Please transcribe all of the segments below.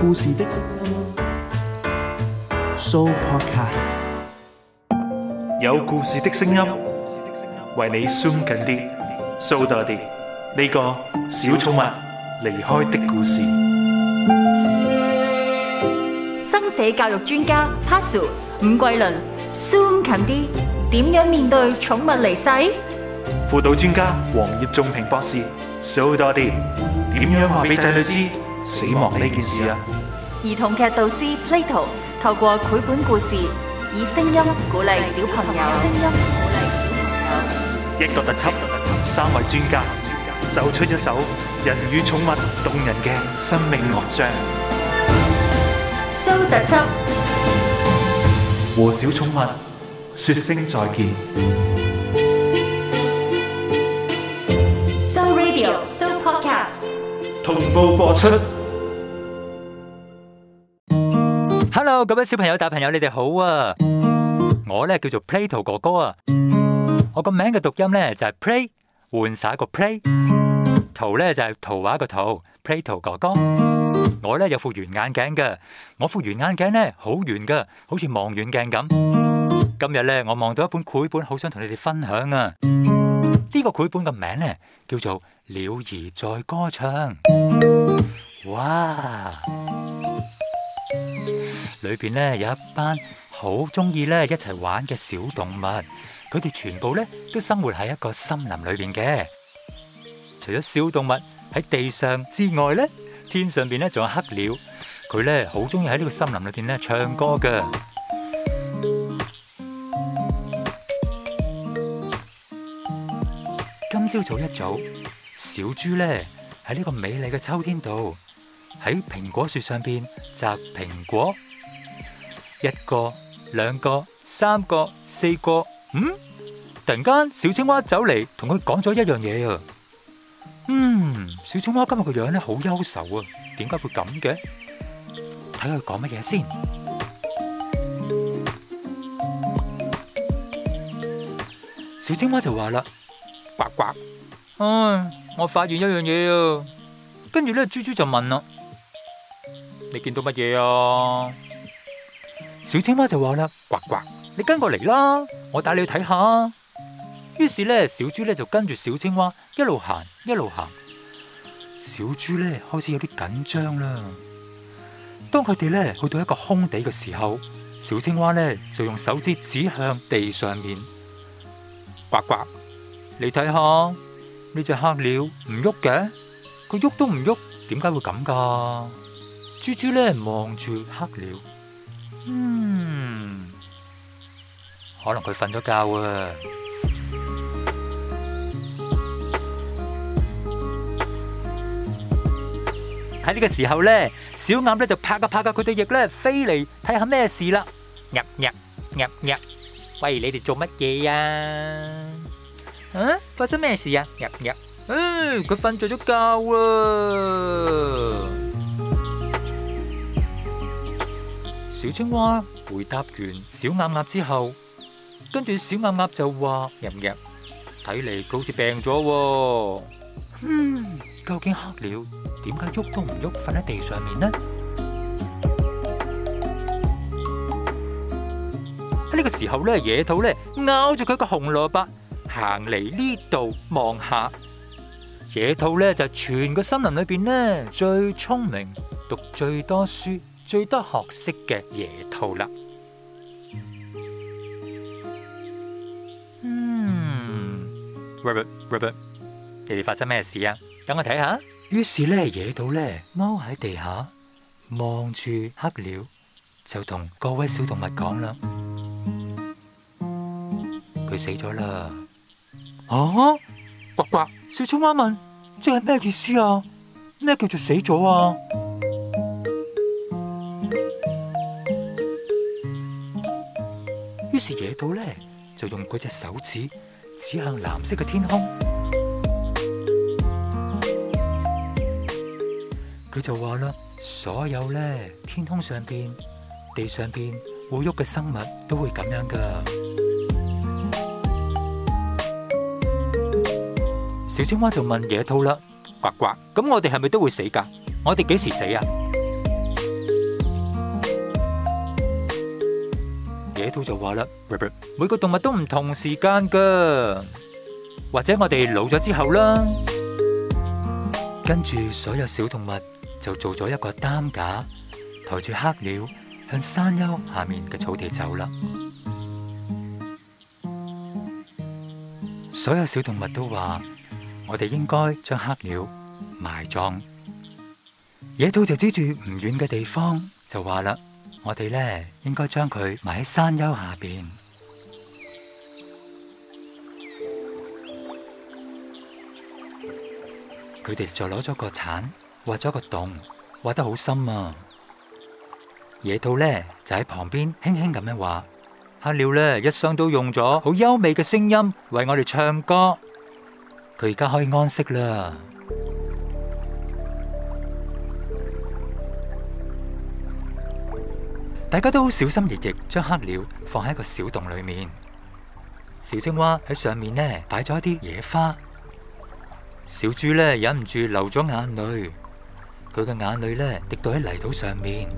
故事的聲音，So Podcast 有故事的聲音，為你 zoom 近啲，zoom 多啲呢個小寵物離開的故事。生死教育專家 Pascal 伍桂麟，zoom 近啲，點樣面對寵物離世？輔導專家黃葉仲平博士 zoom 多啲，點樣話俾仔女知？死亡呢件事啊！兒童劇導師 Plato 透過繪本故事，以聲音鼓勵小朋友。聲音鼓勵小朋友。一個特輯，三位專家走出一首人與寵物動人嘅生命樂章。So 特輯和小寵物說聲再見。So Radio So Podcast 同步播出。各位小朋友大朋友，你哋好啊！我咧叫做 Play 圖哥哥啊，我個名嘅讀音咧就係 Play，換晒個 Play，圖咧就係圖畫個圖，Play 圖哥哥。我咧有副圓眼鏡嘅，我副圓眼鏡咧好圓嘅，好似望遠鏡咁。今日咧我望到一本繪本，好想同你哋分享啊！呢個繪本嘅名咧叫做《鳥兒在歌唱》。哇！裏邊咧有一班好中意咧一齊玩嘅小動物，佢哋全部咧都生活喺一個森林裏邊嘅。除咗小動物喺地上之外咧，天上邊咧仲有黑鳥，佢咧好中意喺呢個森林裏邊咧唱歌㗎。今朝早一早，小豬咧喺呢個美麗嘅秋天度喺蘋果樹上邊摘蘋果。一個、兩個、三個、四個，嗯，突然間小青蛙走嚟同佢講咗一樣嘢啊！嗯，小青蛙今日個樣咧好憂愁啊，點解會咁嘅？睇佢講乜嘢先？小青蛙就話啦：呱呱，嗯，我發現一樣嘢啊！跟住咧，豬豬就問啦：你見到乜嘢啊？小青蛙就話啦：呱呱，你跟過嚟啦，我帶你去睇下。於是咧，小豬咧就跟住小青蛙一路行一路行。小豬咧開始有啲緊張啦。當佢哋咧去到一個空地嘅時候，小青蛙咧就用手指指向地上面，呱呱，你睇下呢隻黑鳥唔喐嘅，佢喐都唔喐，點解會咁噶？豬豬咧望住黑鳥。嗯，可能佢瞓咗覺啊！喺呢個時候咧，小鴨咧就拍下拍下佢對翼咧，飛嚟睇下咩事啦！鴨鴨鴨鴨，喂，你哋做乜嘢啊？吓，發生咩事啊？鴨鴨，嗯，佢瞓咗覺啊！小青蛙回答完小鴨鴨之後，跟住小鴨鴨就話：入入睇嚟佢好似病咗。嗯，究竟黑鳥點解喐都唔喐，瞓喺地上面呢？喺呢個時候咧，野兔咧咬住佢個紅蘿蔔，行嚟呢度望下。野兔咧就全個森林裏邊咧最聰明，讀最多書。最得學識嘅野兔啦，嗯，Rabbit，Rabbit，Rabbit. 你哋發生咩事啊？等我睇下。於是咧，野兔咧，踎喺地下，望住黑鳥，就同各位小動物講啦：佢死咗啦！啊，呱呱，小青蛙問：即係咩意思啊？咩叫做死咗啊？於是野兔咧就用佢隻手指指向藍色嘅天空，佢就話啦：所有咧天空上邊、地上邊會喐嘅生物都會咁樣噶。小青蛙就問野兔啦：呱呱，咁我哋係咪都會死噶？我哋幾時死啊？佢就話啦，每個動物都唔同時間噶，或者我哋老咗之後啦。跟住所有小動物就做咗一個擔架，抬住黑鳥向山丘下面嘅草地走啦。所有小動物都話：我哋應該將黑鳥埋葬。野兔就指住唔遠嘅地方就話啦。我哋咧應該將佢埋喺山丘下邊。佢哋就攞咗個鏟，挖咗個洞，挖得好深啊！野兔咧就喺旁邊輕輕咁樣話：黑鳥咧一生都用咗好優美嘅聲音為我哋唱歌，佢而家可以安息啦。大家都小心翼翼，將黑鳥放喺一個小洞裏面。小青蛙喺上面呢，擺咗一啲野花。小豬呢忍唔住流咗眼淚，佢嘅眼淚呢滴到喺泥土上面。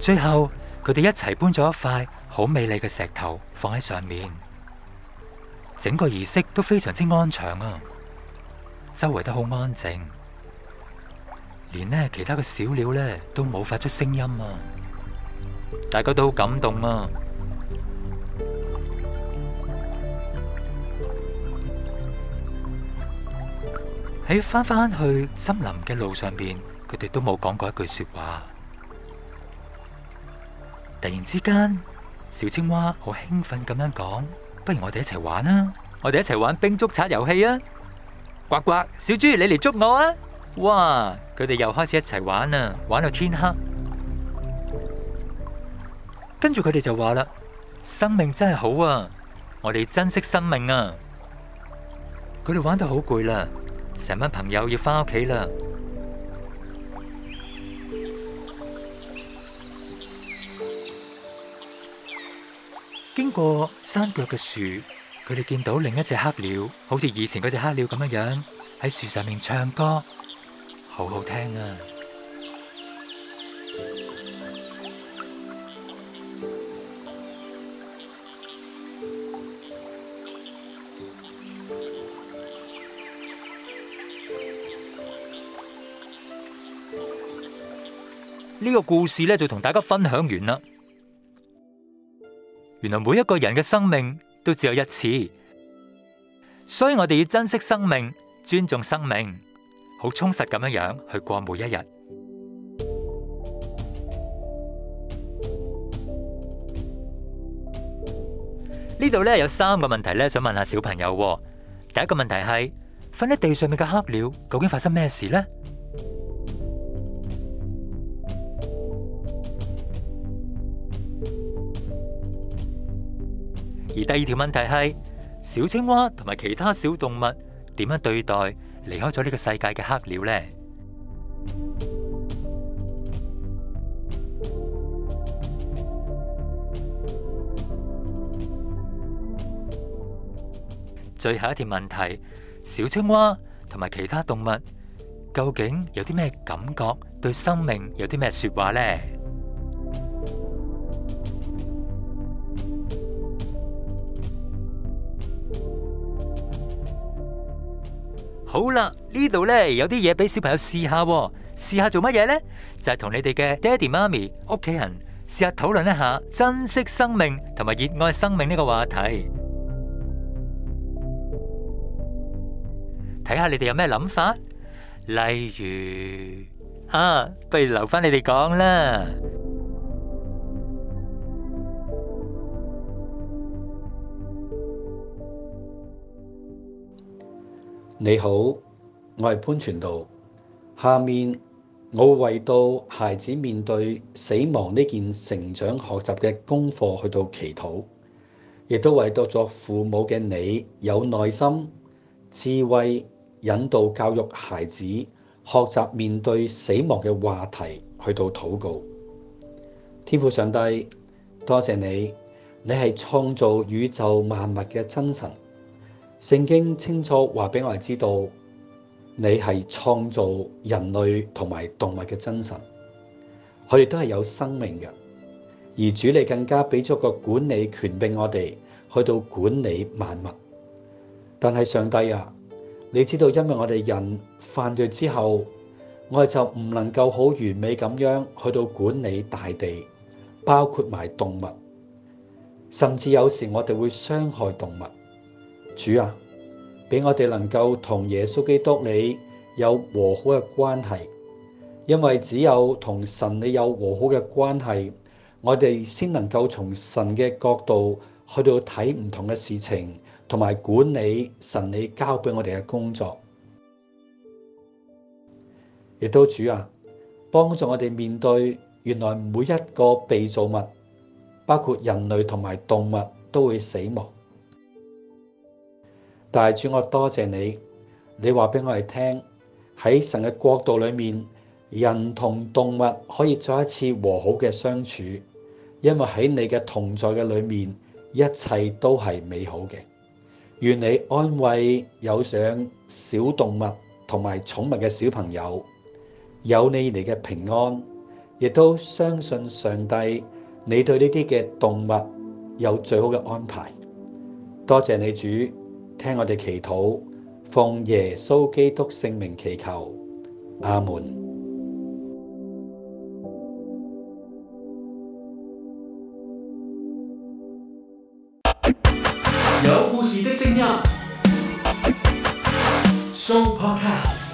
最後，佢哋一齊搬咗一塊好美麗嘅石頭放喺上面。整個儀式都非常之安詳啊，周圍都好安靜。連咧其他嘅小鳥咧都冇發出聲音啊！大家都好感動啊！喺翻翻去森林嘅路上邊，佢哋都冇講過一句說話。突然之間，小青蛙好興奮咁樣講：「不如我哋一齊玩啊！我哋一齊玩冰捉賊遊戲啊！呱呱，小豬你嚟捉我啊！哇！佢哋又開始一齊玩啊，玩到天黑。跟住佢哋就話啦：生命真係好啊，我哋珍惜生命啊。佢哋玩到好攰啦，成班朋友要翻屋企啦。經過山腳嘅樹，佢哋見到另一隻黑鳥，好似以前嗰隻黑鳥咁樣樣喺樹上面唱歌。好好聽啊！呢個故事呢就同大家分享完啦。原來每一個人嘅生命都只有一次，所以我哋要珍惜生命，尊重生命。好充實咁樣樣去過每一日。呢度咧有三個問題咧，想問下小朋友。第一個問題係瞓喺地上面嘅黑鳥，究竟發生咩事呢？而第二條問題係小青蛙同埋其他小動物點樣對待？離開咗呢個世界嘅黑鳥呢？ 最後一條問題：小青蛙同埋其他動物，究竟有啲咩感覺？對生命有啲咩說話呢？好啦，呢度呢，有啲嘢俾小朋友試下、哦，試下做乜嘢呢？就係、是、同你哋嘅爹哋媽咪屋企人試下討論一下珍惜生命同埋熱愛生命呢個話題，睇下你哋有咩諗法，例如啊，不如留翻你哋講啦。你好，我係潘全道。下面我為到孩子面對死亡呢件成長學習嘅功課去到祈禱，亦都為到做父母嘅你有耐心、智慧引導教育孩子學習面對死亡嘅話題去到禱告。天父上帝，多謝你，你係創造宇宙萬物嘅真神。聖經清楚話俾我哋知道，你係創造人類同埋動物嘅真神，佢哋都係有生命嘅。而主你更加俾咗個管理權俾我哋去到管理萬物。但係上帝啊，你知道，因為我哋人犯罪之後，我哋就唔能夠好完美咁樣去到管理大地，包括埋動物，甚至有時我哋會傷害動物。主啊，俾我哋能夠同耶穌基督你有和好嘅關係，因為只有同神你有和好嘅關係，我哋先能夠從神嘅角度去到睇唔同嘅事情，同埋管理神你交俾我哋嘅工作。亦都主啊，幫助我哋面對原來每一個被造物，包括人類同埋動物都會死亡。大主，我多謝你，你話俾我哋聽喺神嘅國度裏面，人同動物可以再一次和好嘅相處，因為喺你嘅同在嘅裏面，一切都係美好嘅。願你安慰有想小動物同埋寵物嘅小朋友，有你而嚟嘅平安，亦都相信上帝，你對呢啲嘅動物有最好嘅安排。多謝你主。聽我哋祈禱，奉耶穌基督聖名祈求，阿門。有故事的聲音，Show Podcast。